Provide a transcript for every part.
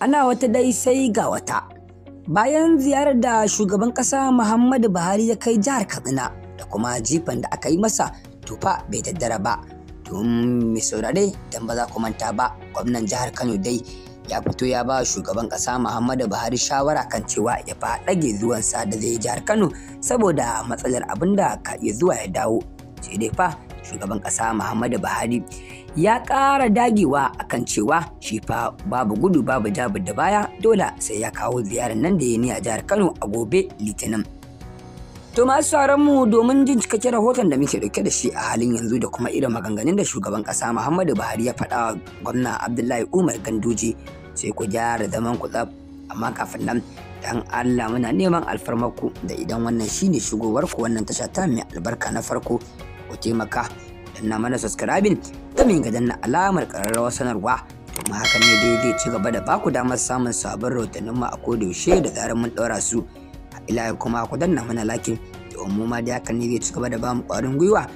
ana wata dai sai ga wata bayan ziyarar da shugaban ƙasa muhammadu buhari ya kai jihar katsina da kuma jifan da aka yi masa tufa bai daddara ba domin mai saurare don ba za ku manta ba gwamnan jihar kano dai ya fito ya ba shugaban ƙasa muhammadu buhari shawara kan cewa ya fa ɗage zuwansa da zai jihar kano saboda matsalar abin da ka iya zuwa ya dawo sai dai fa shugaban ƙasa Muhammadu Buhari ya ƙara dagewa a kan cewa shi fa babu gudu babu jabu da baya dole sai ya kawo ziyarar nan da ya ni a jihar Kano a gobe Litinin. To masu mu domin jin cikakken rahoton da muke dauke da shi a halin yanzu da kuma irin maganganun da shugaban ƙasa Muhammadu Buhari ya faɗa wa gwamna Abdullahi Umar Ganduje sai ku gyara zaman ku tsaf amma kafin nan dan Allah muna neman alfarmarku da idan wannan shine shigowar ku wannan tasha ta mai albarka na farko ku taimaka danna mana subscribing kamin ga na alamar ƙararrawar sanarwa kuma haka ne daidai ci gaba da baku damar samun sabon rahotannin mu a yaushe da zarar mun ɗora su a ila kuma ku danna mana lakin domin mu ma da haka ne zai ci gaba da bamu ƙwarin gwiwa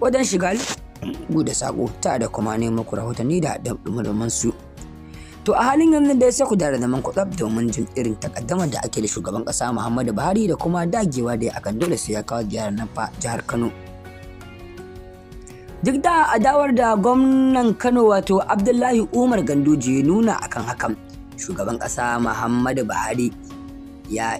wajen shiga lungu da sako ta da kuma nemo ku rahotanni da dumdumin su. To a halin yanzu dai sai ku da zaman kuɗab domin jin irin takaddama da ake da shugaban ƙasa Muhammadu Buhari da kuma dagewa da akan dole sai ya kawo jihar nan fa jihar Kano. duk da adawar da gwamnan kano wato abdullahi umar ganduje ya nuna akan hakan shugaban ƙasa muhammadu buhari ya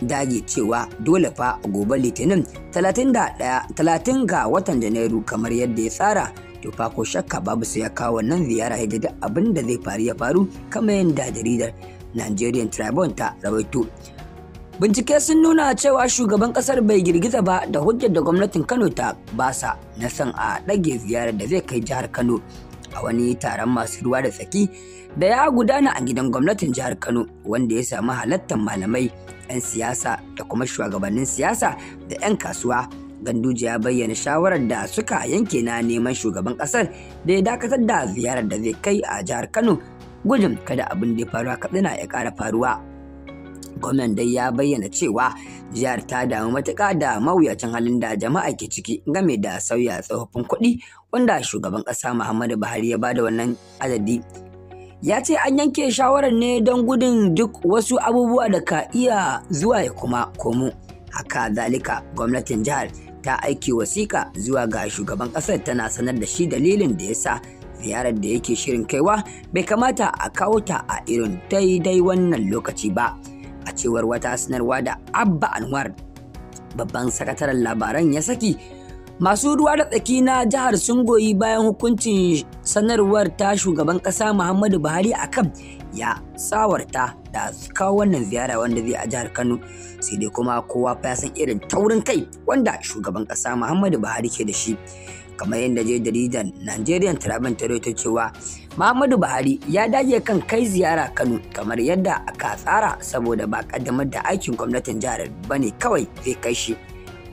dage cewa dole fa a gobe litinin 31 ga watan janairu kamar yadda ya tsara to fa ko shakka babu sai ya kawo wannan ziyara ya duk abin da zai faru ya faru kamar yadda jaridar nigerian tribune ta rawaito bincike sun nuna cewa shugaban kasar bai girgiza ba da hujjar da gwamnatin kano ta basa na son a ɗage ziyarar da zai kai jihar kano a wani taron masu ruwa da tsaki da ya gudana a gidan gwamnatin jihar Kano wanda ya samu halattar malamai, 'yan siyasa da kuma shugabannin siyasa da 'yan kasuwa. Ganduje ya bayyana shawarar da suka yanke na neman shugaban kasar da ya dakatar da ziyarar da zai kai a jihar Kano gudun kada abin da ya faru a Katsina ya ƙara faruwa. Gwamnan dai ya bayyana cewa jihar ta damu matuƙa da mawuyacin halin da jama'a ke ciki game da sauya tsofaffin kuɗi wanda shugaban ƙasa Muhammadu Buhari ya bada wannan adadi. Ya ce an yanke shawarar ne don gudun duk wasu abubuwa da ka iya zuwa ya kuma komo. Haka zalika gwamnatin jihar ta aiki wasiƙa zuwa ga shugaban ƙasar tana sanar da shi dalilin da ya sa ziyarar da yake shirin kaiwa bai kamata a kawo ta a irin daidai wannan lokaci ba. a cewar wata sanarwa da abba anwar babban sakataren labaran ya saki masu ruwa da tsaki na jihar sun goyi bayan hukuncin sanarwar ta shugaban kasa muhammadu buhari akan ya tsawarta da kawo wannan ziyara wanda zai a jihar kano sai dai kuma kowa fa ya san irin taurin kai wanda shugaban kasa muhammadu buhari ke da shi kamar yadda jaridar nigerian travel ta cewa Muhammadu Buhari ya dage kan kai ziyara Kano kamar yadda aka tsara saboda ba kaddamar da aikin gwamnatin jihar bane kawai zai kai shi.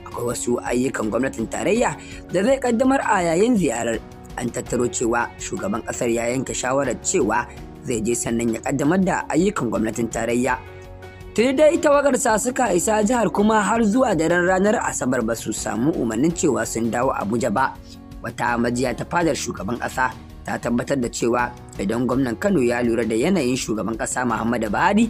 Akwai wasu ayyukan gwamnatin tarayya da zai kaddamar a yayin ziyarar. An tattaro cewa shugaban kasar ya yanke shawarar cewa zai je sannan ya kaddamar da ayyukan gwamnatin tarayya. Tuni dai tawagarsa suka isa jihar kuma har zuwa daren ranar Asabar ba su samu umarnin cewa sun dawo Abuja ba. Wata majiya ta fadar shugaban ƙasa ta tabbatar da cewa idan gwamnan Kano ya lura da yanayin shugaban kasa Muhammadu Buhari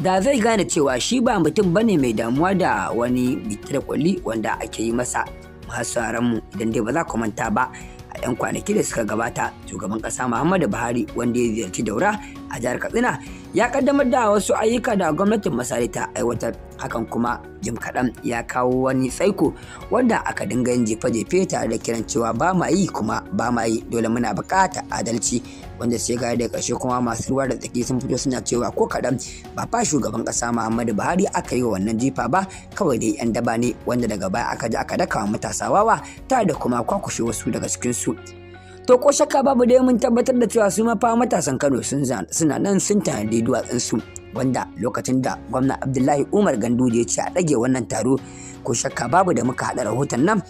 da zai gane cewa shi ba mutum bane mai damuwa da wani bita kulli wanda ake yi masa masu mu idan dai ba za ku manta ba a 'yan kwanaki da suka gabata shugaban kasa Muhammadu Buhari wanda ya ziyarci Daura a jihar Katsina ya kaddamar da wasu ayyuka da gwamnatin masarita aiwatar hakan kuma jim kaɗan ya kawo wani tsaiko wanda aka dinga yin jefe-jefe tare da kiran cewa ba ma yi kuma ba ma yi dole muna bukata adalci wanda sai ga da ƙarshe kuma masu ruwa da tsaki sun fito suna cewa ko kaɗan ba fa shugaban ƙasa Muhammadu Buhari aka yi wa wannan jifa ba kawai dai 'yan daba ne wanda daga baya aka ji aka daka wa matasa wawa tare da kuma kwakushe wasu daga cikinsu to ko shakka babu dai mun tabbatar da cewa su mafa matasan kano suna nan sun tanadi su wanda lokacin da gwamna abdullahi umar ganduje ya ce a ɗage wannan taro ko shakka babu da muka haɗa rahoton nan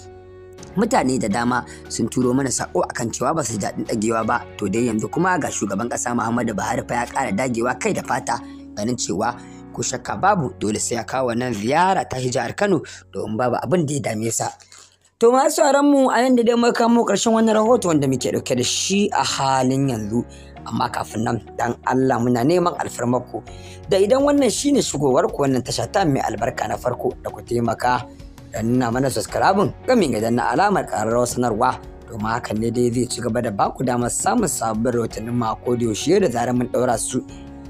mutane da dama sun turo mana sako akan cewa ba su daɗin ɗagewa ba to dai yanzu kuma ga shugaban ƙasa muhammadu buhari fa ya ƙara dagewa kai da fata ganin cewa ko shakka babu dole sai ya kawo nan ziyara ta jihar kano domin babu abin da ya dame sa To masu mu a nan da dai muka kamo ƙarshen wannan rahoto wanda muke ɗauke da shi a halin yanzu. Amma kafin nan dan Allah muna neman alfarmarku da idan wannan shine shigowar ku wannan tasha ta mai albarka na farko da ku taimaka Dan nuna mana subscribing gamin ga na alamar ƙararrawar sanarwa ma hakan ne dai zai ci gaba da baku damar samun sabbin rahotannin mako da yaushe da zarar mun ɗaura su.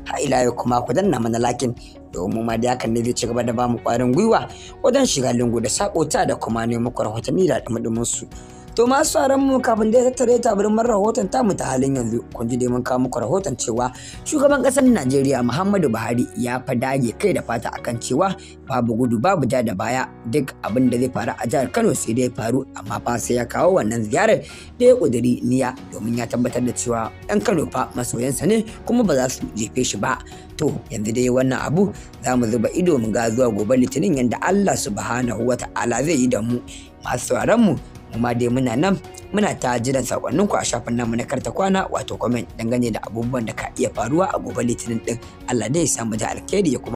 Ha ila yau kuma ku danna mana lakin domin ma da hakan ne zai ci gaba da bamu kwarin gwiwa wajen shiga lingu da sakota da kuma nemo rahotanni da dumudumin su To masu tsaron mu kafin da ya tattare mun rahoton mu ta halin yanzu kun ji dai mun kawo muku rahoton cewa shugaban ƙasar Najeriya Muhammadu Buhari ya fadage kai da fata akan cewa babu gudu babu ja da baya duk abin da zai faru a jihar Kano sai dai faru amma fa sai ya kawo wannan ziyarar da ya ƙudiri niyya domin ya tabbatar da cewa ɗan Kano fa masoyansa ne kuma ba za su jefe shi ba. To yanzu dai wannan abu za mu zuba ido mu ga zuwa gobe litinin yadda Allah subhanahu wa ta'ala zai yi da mu masu tsaron mu kuma dai muna nan muna ta jiran sakonninku a shafin namu na karta kwana wato comment dangane da abubuwan da ka iya faruwa a gobe litinin din Allah dai ya samu da alkhairi ya kuma